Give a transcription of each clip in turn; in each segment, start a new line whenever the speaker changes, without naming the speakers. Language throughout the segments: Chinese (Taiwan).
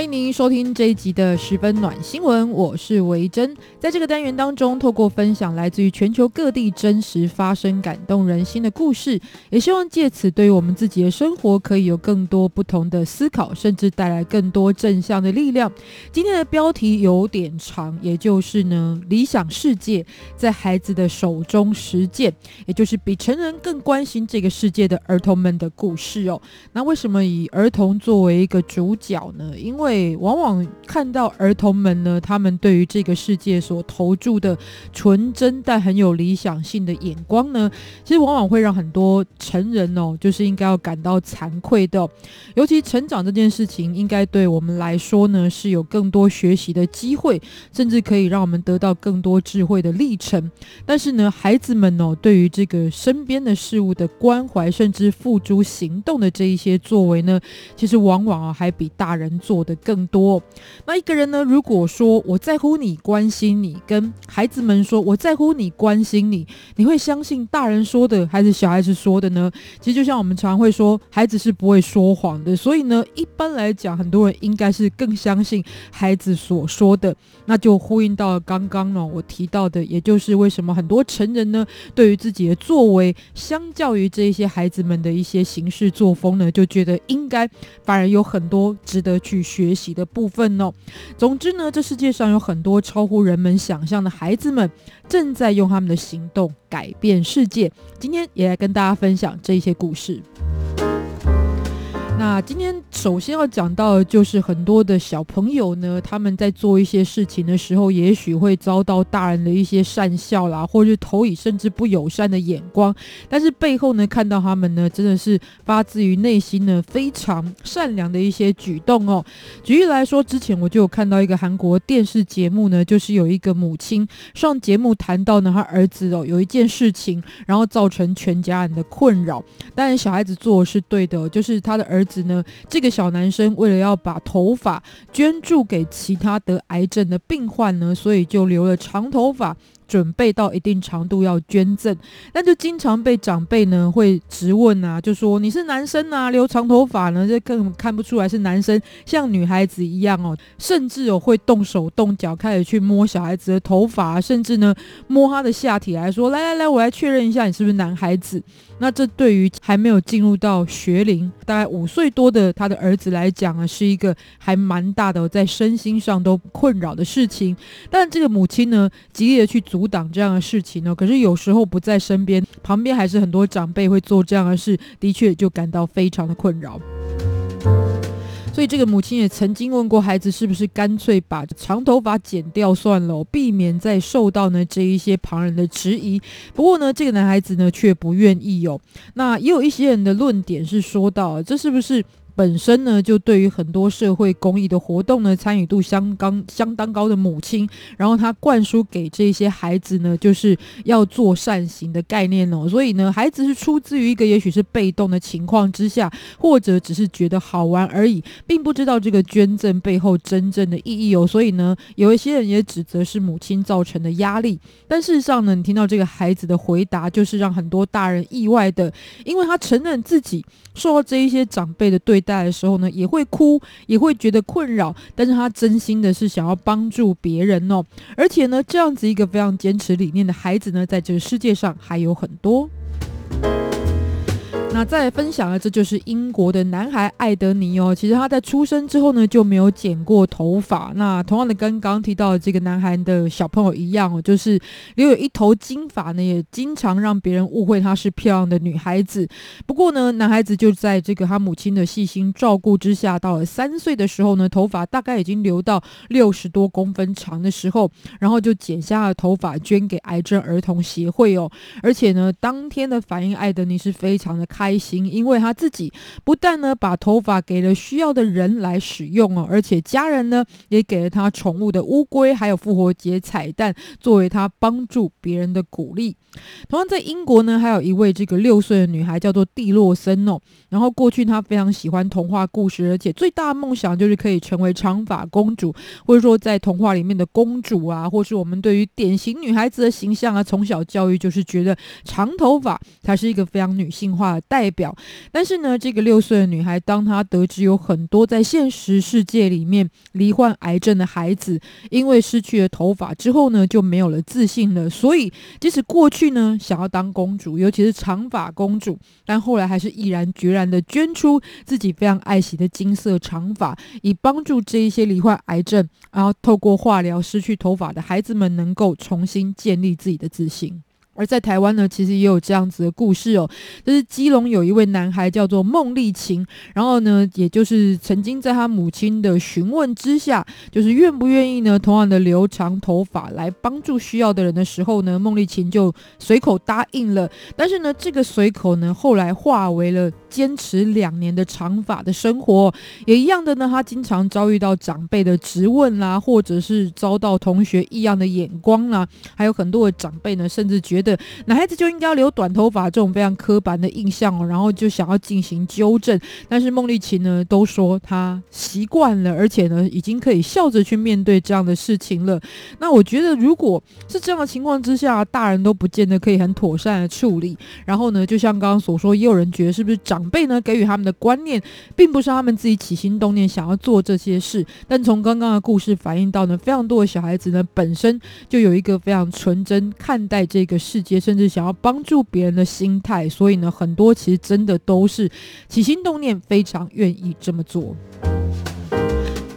歡迎您收聽這一集的十分暖新聞，我是維珍。在這個單元當中，透過分享來自於全球各地真實發生、感動人心的故事，也希望借此對於我們自己的生活可以有更多不同的思考，甚至帶來更多正向的力量。今天的標題有點長，也就是呢，理想世界在孩子的手中實踐，也就是比成人更關心這個世界的兒童們的故事哦。那為什麼以兒童作為一個主角呢？因為對，往往看到兒童們呢，他們對於這個世界所投注的純真但很有理想性的眼光呢，其實往往會讓很多成人哦，就是應該要感到慚愧的哦。尤其成長這件事情，應該對我們來說呢，是有更多學習的機會，甚至可以讓我們得到更多智慧的歷程。但是呢，孩子們哦，對於這個身邊的事物的關懷，甚至付諸行動的這一些作為呢，其實往往啊，還比大人做的。更多，那一個人呢，如果說我在乎你、關心你，跟孩子們說我在乎你、關心你，你會相信大人說的還是小孩子說的呢？其實就像我們常常會說，孩子是不會說謊的，所以呢，一般來講，很多人應該是更相信孩子所說的。那就呼應到剛剛呢，我提到的，也就是為什麼很多成人呢，對於自己的作為，相較於這一些孩子們的一些行事作風呢，就覺得應該反而有很多值得去學學習的部分哦，總之呢，這世界上有很多超乎人們想象的孩子們，正在用他們的行動改變世界。今天也來跟大家分享這一些故事。那今天首先要講到的就是很多的小朋友呢，他們在做一些事情的時候，也許會遭到大人的一些訕笑啦，或是投以甚至不友善的眼光，但是背後呢，看到他們呢，真的是發自於內心呢，非常善良的一些舉動哦、喔。舉例來說，之前我就有看到一個韓國電視節目呢，就是有一個母親上節目談到呢，他兒子哦、喔，有一件事情，然後造成全家人的困擾，但是小孩子做的是對的、喔，就是他的兒。呢，這個小男生為了要把頭髮捐助給其他得癌症的病患呢，所以就留了長頭髮。準備到一定長度要捐贈，那就經常被長輩呢會質問啊，就說你是男生啊，留長頭髮呢，這更看不出來是男生，像女孩子一樣哦，甚至哦會動手動腳開始去摸小孩子的頭髮，甚至呢摸他的下體來說，來來來，我來確認一下你是不是男孩子。那這對於還沒有進入到學齡，大概五歲多的他的兒子來講啊，是一個還蠻大的在身心上都困擾的事情。但這個母親呢，極力的去阻。阻擋這樣的事情呢、哦，可是有時候不在身邊，旁邊還是很多長輩會做這樣的事，的確就感到非常的困擾。所以這個母親也曾經問過孩子，是不是乾脆把長頭髮剪掉算了、哦，避免再受到呢這一些旁人的質疑。不過呢，這個男孩子呢卻不願意哦。那也有一些人的論點是說到，這是不是？本身呢，就對於很多社會公益的活動呢，參與度相當相當高的母親，然後她灌輸給這些孩子呢，就是要做善行的概念哦。所以呢，孩子是出自於一個也許是被動的情況之下，或者只是覺得好玩而已，並不知道這個捐贈背後真正的意義哦。所以呢，有一些人也指責是母親造成的壓力，但事實上呢，你聽到這個孩子的回答，就是讓很多大人意外的，因為他承認自己受到這一些長輩的對待，來的時候呢，也會哭，也會覺得困擾，但是他真心的是想要幫助別人哦，而且呢，這樣子一個非常堅持理念的孩子呢，在這個世界上還有很多。那再來分享了，這就是英國的男孩艾德尼哦。其實他在出生之後呢，就沒有剪過頭髮。那同樣的，跟剛剛提到的這個男孩的小朋友一樣哦，就是留有一頭金髮呢，也經常讓別人誤會他是漂亮的女孩子。不過呢，男孩子就在這個他母親的細心照顧之下，到了三歲的時候呢，頭髮大概已經留到六十多公分長的時候，然後就剪下了頭髮捐給癌症兒童協會哦。而且呢，當天的反應，艾德尼是非常的開心，因為他自己不但呢把頭髮給了需要的人來使用哦，而且家人呢也給了他寵物的烏龜，還有復活節彩蛋作為他幫助別人的鼓勵。同樣在英國呢，還有一位這個六歲的女孩叫做蒂洛森哦，然後過去她非常喜歡童話故事，而且最大的夢想就是可以成為長髮公主，或者說在童話裡面的公主啊，或是我們對於典型女孩子的形象啊，從小教育就是覺得長頭髮才是一個非常女性化的。代表，但是呢，這個六歲的女孩，當她得知有很多在現實世界裡面罹患癌症的孩子，因為失去了頭髮之後呢，就沒有了自信了。所以，即使過去呢想要當公主，尤其是長髮公主，但後來還是毅然決然地捐出自己非常愛惜的金色長髮，以幫助這一些罹患癌症，然後透過化療失去頭髮的孩子們，能夠重新建立自己的自信。而在台灣呢，其實也有這樣子的故事哦、喔，就是基隆有一位男孩叫做孟麗琴，然後呢，也就是曾經在他母親的詢問之下，就是願不願意呢，同樣的留長頭髮來幫助需要的人的時候呢，孟麗琴就隨口答應了。但是呢，這個隨口呢，後來化為了堅持兩年的長髮的生活、喔。也一樣的呢，他經常遭遇到長輩的質問啦，或者是遭到同學異樣的眼光啦，還有很多的長輩呢，甚至覺得。男孩子就應該留短頭髮，這種非常刻板的印象哦，然後就想要進行糾正。但是孟麗琴呢，都說她習慣了，而且呢，已經可以笑着去面對這樣的事情了。那我覺得，如果是這樣的情況之下，大人都不見得可以很妥善的處理。然後呢，就像剛剛所說，也有人覺得是不是長輩呢，給予他們的觀念，並不是他們自己起心動念想要做這些事。但從剛剛的故事反映到呢，非常多的小孩子呢，本身就有一個非常純真看待這個事情。甚至想要幫助別人的心態，所以呢，很多其實真的都是起心動念，非常願意這麼做。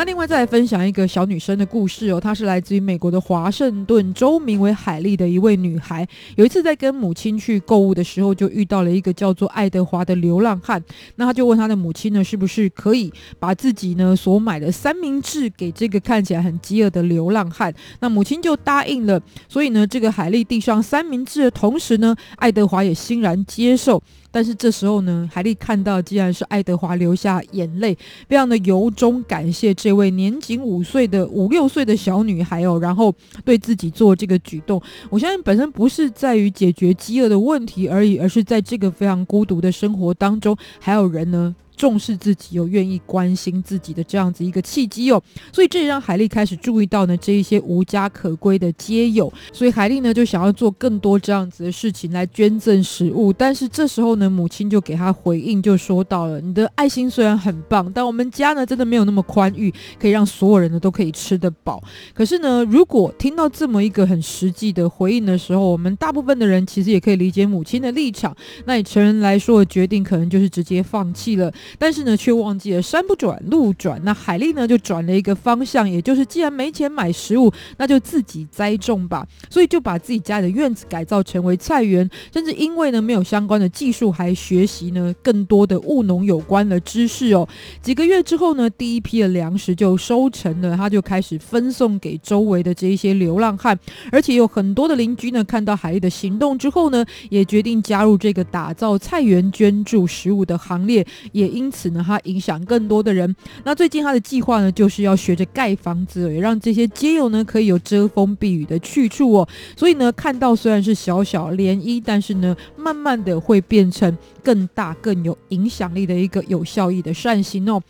那另外再來分享一個小女生的故事哦，她是來自於美國的華盛頓州，名為海利的一位女孩。有一次在跟母親去購物的時候，就遇到了一個叫做愛德華的流浪漢。那她就問她的母親呢，是不是可以把自己呢所買的三明治給這個看起來很飢餓的流浪漢？那母親就答應了。所以呢，這個海利遞上三明治的同時呢，愛德華也欣然接受。但是這時候呢，海莉看到，竟然是愛德華流下眼淚，非常的由衷感謝這位年僅五歲的五六歲的小女孩哦，然後對自己做這個舉動，我相信本身不是在於解決飢餓的問題而已，而是在這個非常孤獨的生活當中，還有人呢，重視自己又願意關心自己的這樣子一個契機哦，所以這也讓海麗開始注意到呢這一些無家可歸的街友，所以海麗呢就想要做更多這樣子的事情來捐贈食物，但是這時候呢母親就給他回應，就說到了你的愛心雖然很棒，但我們家呢真的沒有那麼寬裕，可以讓所有人呢都可以吃得飽。可是呢如果聽到這麼一個很實際的回應的時候，我們大部分的人其實也可以理解母親的立場，那以成人來說的決定可能就是直接放棄了。但是呢，卻忘記了山不轉路轉，那海麗呢就轉了一個方向，也就是既然沒錢買食物，那就自己栽種吧。所以就把自己家裡的院子改造成為菜園，甚至因為呢沒有相關的技術，還學習呢更多的務農有關的知識哦。幾個月之後呢，第一批的糧食就收成了，他就開始分送給周圍的這些流浪漢，而且有很多的鄰居呢看到海麗的行動之後呢，也決定加入這個打造菜園、捐助食物的行列，也。因此呢，他影響更多的人。那最近他的計劃呢，就是要學着蓋房子而已，也讓這些街友呢可以有遮風避雨的去處哦。所以呢，看到雖然是小小漣漪，但是呢，慢慢的會變成更大、更有影響力的一個有效益的善行哦。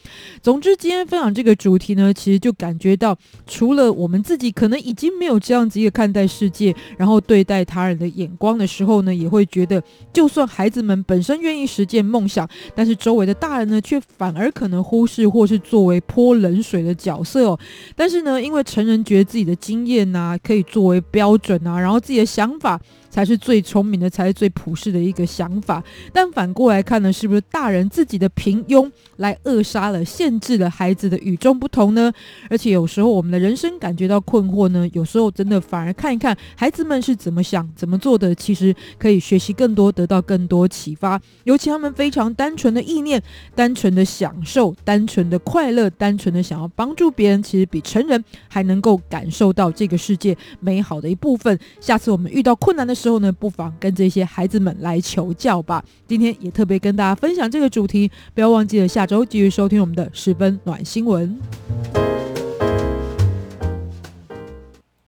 總之，今天分享這個主題呢，其實就感覺到，除了我們自己，可能已經沒有這樣子一個看待世界，然後對待他人的眼光的時候呢，也會覺得，就算孩子們本身願意實踐夢想，但是周圍的大人呢，卻反而可能忽視或是作為潑冷水的角色哦。但是呢，因為成人覺得自己的經驗吶、啊，可以作為標準啊，然後自己的想法，才是最聰明的，才是最普世的一個想法。但反過來看呢，是不是大人自己的平庸來扼殺了、限制了孩子的與眾不同呢？而且有時候我們的人生感覺到困惑呢，有時候真的反而看一看孩子們是怎麼想、怎麼做的，其實可以學習更多，得到更多啟發。尤其他們非常單純的意念、單純的享受、單純的快樂、單純的想要幫助別人，其實比成人還能夠感受到這個世界美好的一部分。下次我們遇到困難的。之後呢，不妨跟這些孩子們來求教吧。今天也特別跟大家分享這個主題，不要忘記了，下周繼續收聽我們的十分暖新聞。